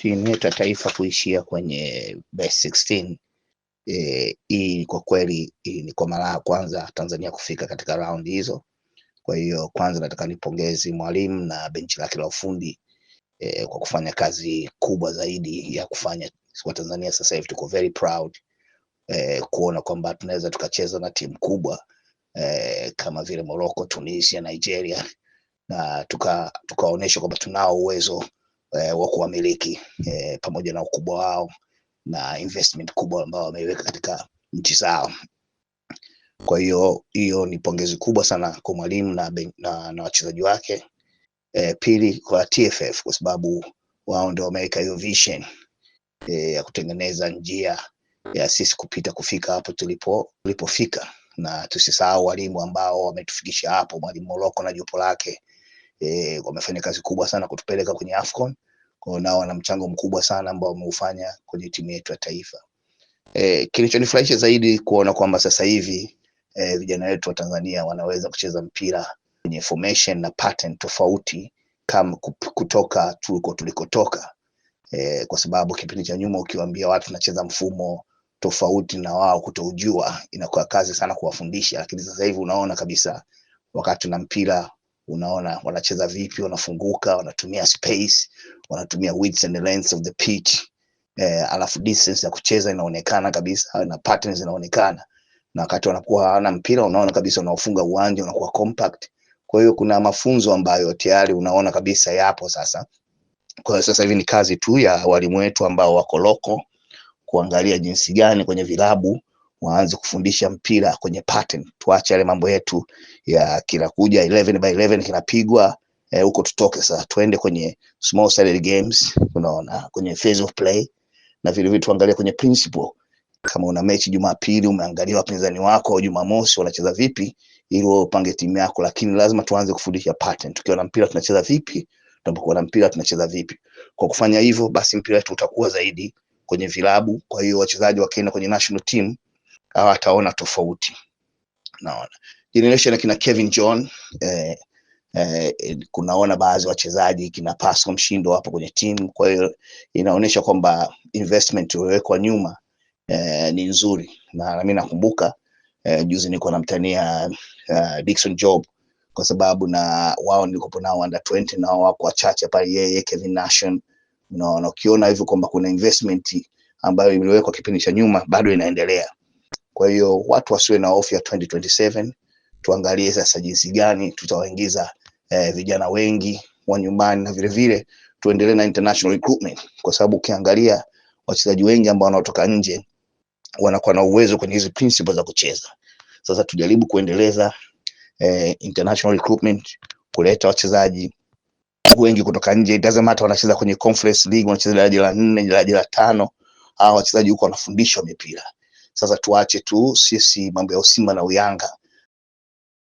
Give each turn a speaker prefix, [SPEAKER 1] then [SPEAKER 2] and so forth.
[SPEAKER 1] timu yetu ya taifa kuishia kwenye best 16 eh, hii kwa kweli ni kwa mara ya kwanza Tanzania kufika katika raundi hizo. Kwa hiyo kwanza nataka nipongezi mwalimu na benchi lake la ufundi e, kwa kufanya kazi kubwa zaidi ya kufanya kwa Tanzania. Sasa hivi tuko very proud e, kuona kwamba tunaweza tukacheza na timu kubwa e, kama vile Morocco, Tunisia, Nigeria na tukaonyesha tuka kwamba tunao uwezo eh, wa kuwamiliki e, pamoja na ukubwa wao na investment kubwa ambao wameiweka katika nchi zao. Kwa hiyo hiyo ni pongezi kubwa sana kwa mwalimu na, na, na wachezaji wake E, pili kwa TFF kwa sababu wao ndio wameweka hiyo vision e, ya kutengeneza njia ya sisi kupita kufika hapo tulipo tulipofika, na tusisahau walimu ambao wametufikisha hapo. Mwalimu Moroko na jopo lake e, wamefanya kazi kubwa sana kutupeleka kwenye AFCON kwao nao wana mchango mkubwa sana ambao wameufanya kwenye timu yetu ya taifa. E, kilichonifurahisha zaidi kuona kwamba sasa hivi e, vijana wetu wa Tanzania wanaweza kucheza mpira kwenye formation na pattern tofauti kama kutoka tuliko tulikotoka e, kwa sababu kipindi cha nyuma ukiwaambia watu nacheza mfumo tofauti na wao kutoujua, inakuwa kazi sana kuwafundisha, lakini sasa hivi unaona kabisa wakati na mpira unaona wanacheza vipi, wanafunguka, wanatumia space, wanatumia width and length of the pitch eh, alafu distance ya kucheza inaonekana kabisa na patterns inaonekana na wakati wanakuwa hawana mpira, unaona kabisa unaofunga uwanja unakuwa compact. Kwa hiyo kuna mafunzo ambayo tayari unaona kabisa yapo sasa. Kwa hiyo sasa hivi ni kazi tu ya walimu wetu ambao wako loko kuangalia jinsi gani kwenye vilabu waanze kufundisha mpira kwenye pattern. Tuache yale mambo yetu ya kila kuja 11 by 11 kinapigwa Eh, huko e, tutoke sasa tuende kwenye small sided games, unaona kwenye phase of play na vile vile tuangalie kwenye principle. Kama una mechi Jumapili, umeangalia wapinzani wako au Jumamosi wanacheza vipi, ili wewe upange timu yako, lakini lazima tuanze kufundisha pattern. Tukiwa na mpira tunacheza vipi, tunapokuwa na mpira tunacheza vipi. Kwa kufanya hivyo, basi mpira wetu utakuwa zaidi kwenye vilabu. Kwa hiyo wachezaji wakienda kwenye national team hawataona tofauti. Naona generation kina Kevin John eh, eh, kunaona baadhi ya wachezaji kina Pascal Mshindo hapo kwenye timu. Kwa hiyo inaonyesha kwamba investment iliyowekwa nyuma eh, ni nzuri, na mimi nakumbuka eh, juzi nilikuwa namtania uh, Dickson Job kwa sababu na wao nilikopo nao under 20 na wao wako wachache pale, yeye Kevin Nation, unaona ukiona hivyo kwamba kuna investment ambayo imewekwa kipindi cha nyuma bado inaendelea. Kwa hiyo watu wasiwe na hofu ya 2027, tuangalie sasa jinsi gani tutawaingiza eh, vijana wengi wa nyumbani na vilevile tuendelee na international recruitment, kwa sababu ukiangalia wachezaji wengi ambao wanaotoka nje wanakuwa na uwezo kwenye hizi principles za kucheza. Sasa tujaribu kuendeleza eh, international recruitment, kuleta wachezaji wengi kutoka nje. It doesn't matter wanacheza kwenye Conference League, wanacheza daraja la nne, daraja la tano, hawa wachezaji huko wanafundishwa mipira. Sasa tuache tu sisi mambo ya usimba na Uyanga